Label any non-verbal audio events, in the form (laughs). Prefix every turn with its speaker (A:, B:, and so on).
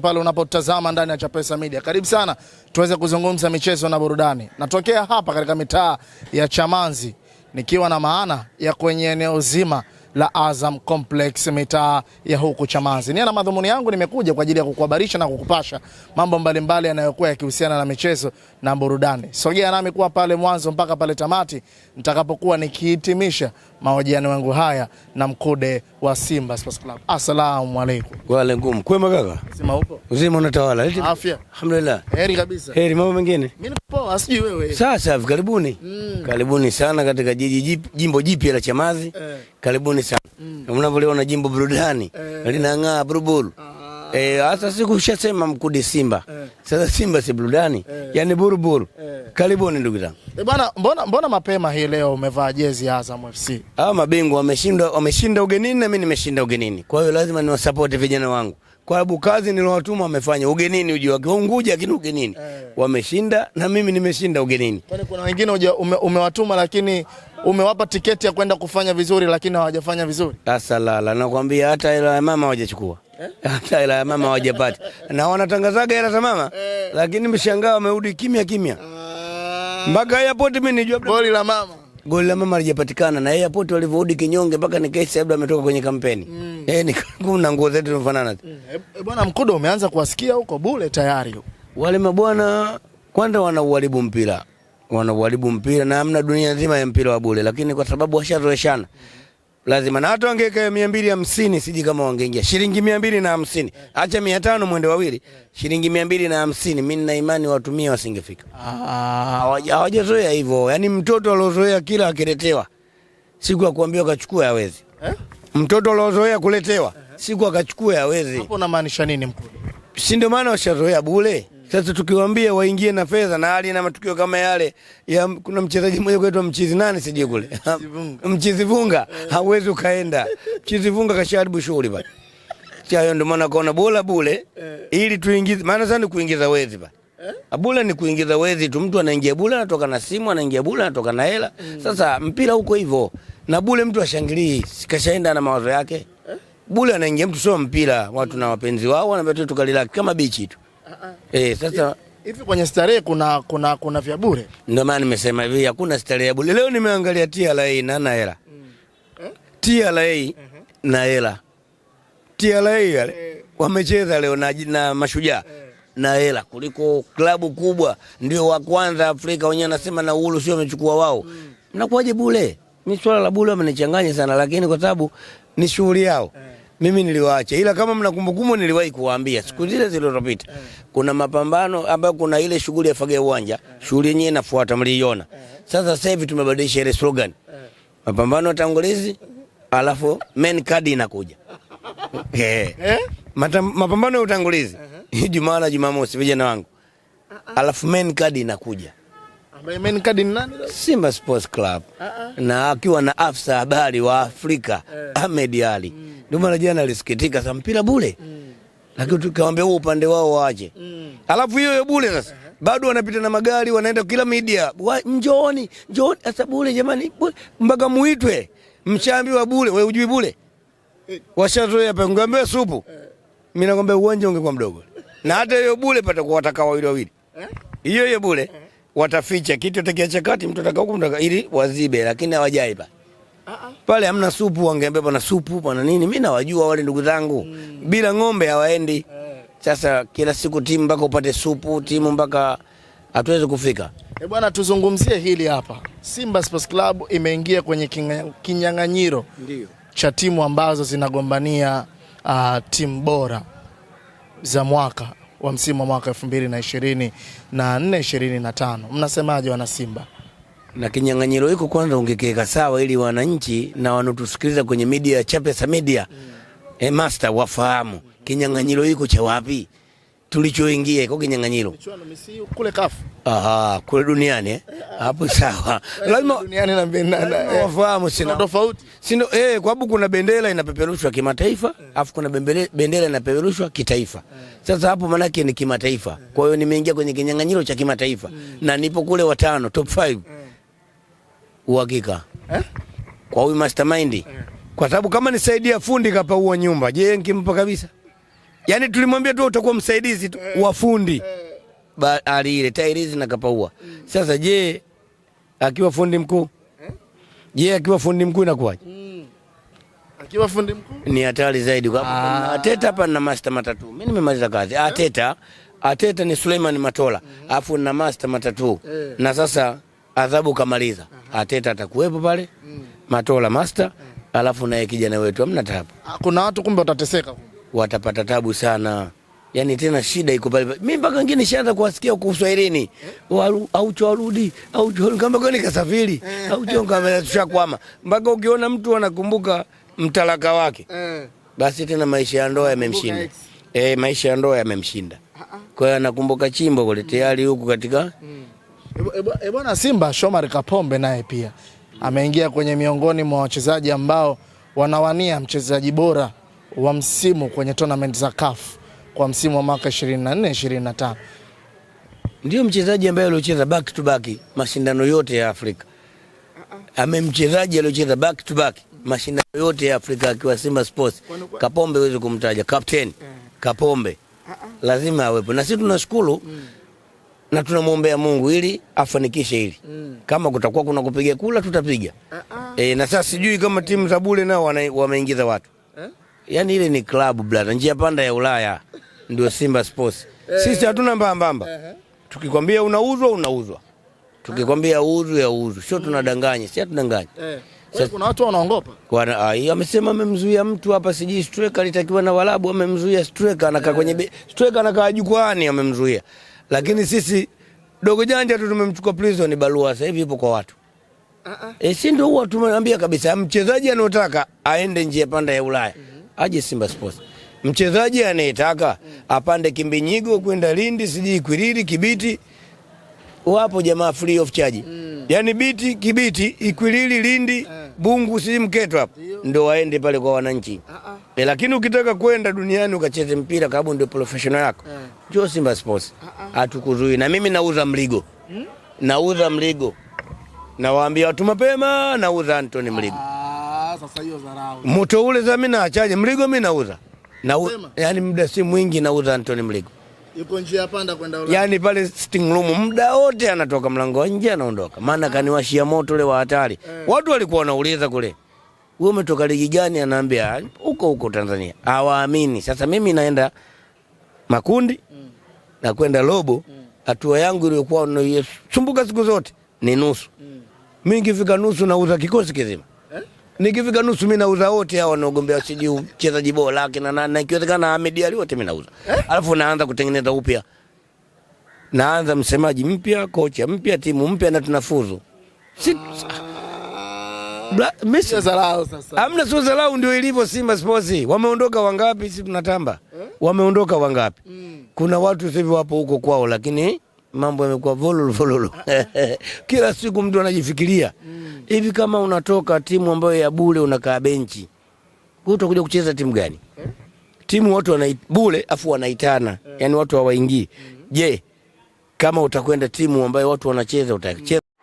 A: popote pale unapotazama ndani ya Chapesa Media, karibu sana tuweze kuzungumza michezo na burudani. Natokea hapa katika mitaa ya Chamanzi nikiwa na maana ya kwenye eneo zima la Azam Complex mitaa ya huku Chamazi. Nia na madhumuni yangu nimekuja kwa ajili ya kukuhabarisha na kukupasha mambo mbalimbali yanayokuwa yakihusiana na michezo na burudani. Sogea nami kuwa pale mwanzo mpaka pale tamati nitakapokuwa nikihitimisha mahojiano yangu haya na mkude wa Simba Sports Club. Asalamu alaykum.
B: Wa ngumu. Kwema kaka? Sema upo? Uzima unatawala. Afya. Alhamdulillah. Heri kabisa. Heri, mambo mengine?
C: Mimi niko poa, sijui wewe.
B: Sasa karibuni. Mm. Karibuni sana katika jiji jimbo jipya la Chamazi. Eh. Karibuni sana. Mm. Mnavyoona jimbo burudani. Eh. Linang'aa buruburu. Ah. Eh, hasa siku shasema mkude Simba e. Sasa Simba si burudani e. Yaani buruburu e. Karibuni ndugu zangu
C: Eh, bwana, mbona, mbona mapema hii leo umevaa jezi ya Azam FC?
B: Ah, mabingwa wameshinda, wameshinda ugenini na mimi nimeshinda ugenini, kwa hiyo lazima niwasapoti vijana wangu kwa sababu kazi nilowatuma wamefanya ugenini, uji wa Unguja, lakini ugenini e. wameshinda na mimi nimeshinda ugenini.
C: Kwani kuna wengine uja, ume, umewatuma lakini umewapa tiketi ya kwenda kufanya vizuri, lakini hawajafanya vizuri.
B: Sasa lala, nakwambia hata hela mama hawajachukua hata eh? (laughs) hela ya mama hawajapata na wanatangazaga hela za mama, eh. lakini mshangaa wamerudi kimya kimya ah. mpaka airport. Mimi nijua
C: goli la mama
B: goli la mama alijapatikana na yeye apoto alivyorudi kinyonge, mpaka kesi labda ametoka kwenye kampeni mm. Eh, kuna nguo zetu zinafanana mm.
C: E, bwana Mkudo, umeanza kuwasikia huko bure tayari
B: wale mabwana kwanza wanauharibu mpira, wanauharibu mpira na amna dunia nzima ya mpira wa bure, lakini kwa sababu washazoeshana mm lazima na hata wangeweka mia mbili hamsini siji kama wangeingia shilingi mia mbili na hamsini acha mia tano mwende wawili shilingi mia mbili na hamsini mi nina imani watumia wasingefika ah. hawajazoea hivyo yani mtoto aliozoea kila akiletewa siku akuambiwa kachukua hawezi eh? mtoto aliozoea kuletewa siku akachukua hawezi
C: hapo unamaanisha nini mkuu
B: si ndio maana washazoea bure sasa tukiwaambia waingie na fedha na hali na matukio kama yale ya, kuna mchezaji mmoja kwetu mchizi nani sije kule (laughs) mchizi vunga hauwezi ukaenda mchizi vunga kasharibu shughuli pale chayo, ndio maana kaona bora bule eh. ili tuingize, maana sasa ni kuingiza wezi pale Abula eh? ni kuingiza wezi tu, mtu anaingia bula anatoka na simu, anaingia bula anatoka na hela. Mm. Sasa mpira uko hivyo na bule, mtu ashangilii, sikashaenda na mawazo yake eh? bule, anaingia mtu, sio mpira, watu na wapenzi wao, wanaambia tu tukalilaki kama bichi tu. Eh, sasa
C: hivi kwenye starehe kuna kuna kuna vya bure.
B: Ndio maana nimesema hivi hakuna starehe ya bure. Leo nimeangalia TRA na na hela. Hmm. Eh? TRA uh-huh. na hela. TRA yale eh. wamecheza leo na, na mashujaa eh. na hela kuliko klabu kubwa ndio wa kwanza Afrika wenyewe anasema na uhuru sio wamechukua wao. Hmm. Mnakuwaje bure? ni swala la bure wamenichanganya sana, lakini kwa sababu ni shughuli yao mimi niliwaacha, ila kama mnakumbukumbu, niliwahi kuwaambia siku eh. zile zilizopita, eh. kuna mapambano ambayo kuna ile shughuli ya Fagea Uwanja, eh. shughuli yenyewe inafuata, mliiona. Sasa sasa hivi tumebadilisha ile slogan, mapambano ya tangulizi, alafu main card inakuja okay. (laughs) mapambano ya utangulizi Ijumaa na Jumamosi, vijana wangu, ah, ah. alafu main card inakuja
C: Main card ni nani?
B: Simba Sports Club. Uh ah, -huh. Ah. Na akiwa na afisa habari wa Afrika uh, Ahmed Ali. Mm. Ndio maana jana alisikitika sa mpira bure. Mm. Lakini tukawambia huo upande wao waache. Mm. Alafu hiyo hiyo bure sasa. Eh. Bado wanapita na magari wanaenda kila media. Njooni, njooni sasa bule jamani. Mpaka muitwe. Mchambi wa bule. We ujui bule eh. washatoa pengo ngambia supu. Mimi nakwambia uwanja ungekuwa mdogo. Na hata hiyo bule patakuwa wataka wawili wawili. Hiyo hiyo bure wataficha kitu takia chakati mtu ataka huko ili wazibe, lakini hawajai pa Pale hamna supu, wangeambia bwana supu pana nini. Mimi nawajua wale ndugu zangu mm. Bila ng'ombe hawaendi. Eh. Sasa kila siku timu mpaka upate supu, timu mpaka hatuwezi kufika.
C: Eh, bwana tuzungumzie hili hapa. Simba Sports Club imeingia kwenye kinyang'anyiro cha timu ambazo zinagombania uh, timu bora za mwaka wa msimu wa mwaka 2024 2025. Mnasemaje wana Simba?
B: Na kinyang'anyiro hiko kwanza ungekiweka sawa ili wananchi na wanotusikiliza kwenye media ya Chapesa Media mm. e master wafahamu kinyang'anyiro hiko cha wapi? tulichoingia iko kinyang'anyiro kule kafu aha kule duniani eh hapo sawa
C: lazima duniani na bendera
B: wafahamu sina tofauti si ndio eh kwa sababu kuna bendera inapeperushwa kimataifa eh. afu kuna bendera inapeperushwa kitaifa eh. sasa hapo maana yake ni kimataifa eh. kwa hiyo nimeingia kwenye kinyang'anyiro cha kimataifa mm. na nipo kule watano top 5 uhakika eh kwa huyu mastermind kwa sababu kama nisaidia fundi kapa huo nyumba je nikimpa kabisa Yaani tulimwambia tu utakuwa msaidizi tu eh. wa fundi. Eh. Ba ali ile tairizi na kapaua. Mm. Sasa je, akiwa fundi mkuu? Eh? Je, akiwa fundi mkuu inakuwaje? Mm.
C: Akiwa fundi mkuu
B: ni hatari zaidi kwa sababu Ateta ah. hapa na master matatu. Mimi nimemaliza kazi. Ateta, ah, Ateta ah, ni Suleiman Matola, Alafu mm-hmm. na master matatu. Na sasa adhabu kamaliza. Ateta atakuwepo pale. Mm. Matola master, alafu naye kijana wetu amna tabu.
C: Kuna watu kumbe watateseka kumbe
B: watapata tabu sana. Yaani tena shida iko pale. Mimi mpaka wengine shaanza kuwasikia huko Kiswahilini. Au chorudi, au chorudi kama kwani kasafiri, eh. au chonga kama tushakwama. Mpaka ukiona mtu anakumbuka mtalaka wake. Eh. Basi tena maisha ya ndoa yamemshinda. Eh, maisha ya ndoa yamemshinda. Ah, ah. Kwa hiyo anakumbuka chimbo kule mm. tayari huku katika
C: E bwana Simba Shomari Kapombe naye pia ameingia kwenye miongoni mwa wachezaji ambao wanawania mchezaji bora wa msimu kwenye tournament za CAF kwa msimu wa mwaka 24 25.
B: Ndio mchezaji ambaye aliocheza back to back mashindano yote ya Afrika. Uh -uh. Ame mchezaji aliocheza back to back mashindano yote ya Afrika akiwa Simba Sports. Kapombe huwezi kumtaja, captain. Uh eh. -huh. Kapombe. Uh Lazima awepo. Na sisi tunashukuru mm. na tunamwombea Mungu ili afanikishe hili. Mm. Kama kutakuwa kuna kupiga kula tutapiga. Uh -uh. E, na sasa sijui kama timu za bure nao wameingiza watu yani ile ni klabu brother, njia panda ya Ulaya ndio Simba Sports. Eh. Sisi hatuna mbamba mbambamba, tukikwambia unauzwa unauzwa, tukikwambia uuzwe ya uuzwe, sio tunadanganya, si tunadanganya. Eh.
C: Kuna watu wanaongopa.
B: Ah, amesema amemzuia mtu hapa, sijui striker alitakiwa na walabu, amemzuia striker, anakaa eh. kwenye striker, anakaa jukwani, amemzuia. Lakini sisi dogo janja tu tumemchukua prison, barua sasa hivi ipo kwa watu. uh -uh. Eh, si ndio huwa tumeambia kabisa mchezaji anotaka aende njia panda ya Ulaya. Mhm aje Simba Sports. Mchezaji anayetaka apande Kimbinyigo kwenda Lindi, sijui Kwiriri, Kibiti, wapo jamaa free of charge mm. Yani biti Kibiti, Ikwilili, Lindi eh. Bungu, sijui Mketo hapo ndo waende pale kwa wananchi uh -uh. E, lakini ukitaka kwenda duniani ukacheze mpira kabu ndio professional yako eh. Jo Simba Sports hatukuzui uh -ah. ah. Na mimi nauza mligo hmm? Nauza mligo, nawaambia watu mapema, nauza Anthony mligo uh
C: -huh sasa hiyo dharau.
B: Moto ule za mimi naachaje? Mligo mimi nauza. Na yani muda si mwingi nauza Antoni Mligo.
C: Yuko njia ya panda kwenda
B: Ulaya. Yaani pale sitting room muda wote anatoka mlango wa nje anaondoka. Maana kaniwashia moto ule wa hatari. Eh. Watu walikuwa wanauliza kule. Wewe umetoka ligi gani? Anaambia huko huko Tanzania. Hawaamini. Sasa mimi naenda makundi mm. na kwenda robo mm. hatua yangu iliyokuwa no, sumbuka siku zote ni nusu mm. mimi nikifika nusu nauza kikosi kizima. Nikifika nusu mimi nauza wote hao wanaogombea siji mchezaji bora kina nani na ikiwezekana Ahmed Ali wote mimi nauza. eh? Alafu naanza kutengeneza upya. Naanza msemaji mpya, kocha mpya, timu mpya na tunafuzu. Si Messi
C: zalao sasa.
B: Amna sio zalao, ndio ilivyo Simba Sports. Wameondoka wangapi sisi tunatamba? Eh? Wameondoka wangapi? Mm. Kuna watu sasa hivi wapo huko kwao lakini mambo yamekuwa vololo vololo. (laughs) Kila siku mtu anajifikiria. Mm hivi kama unatoka timu ambayo ya bule unakaa benchi, utakuja kucheza timu gani? Eh? Timu watu wana bule afu wanaitana, eh. yani watu hawaingii. Je, kama utakwenda timu ambayo watu wanacheza utacheza?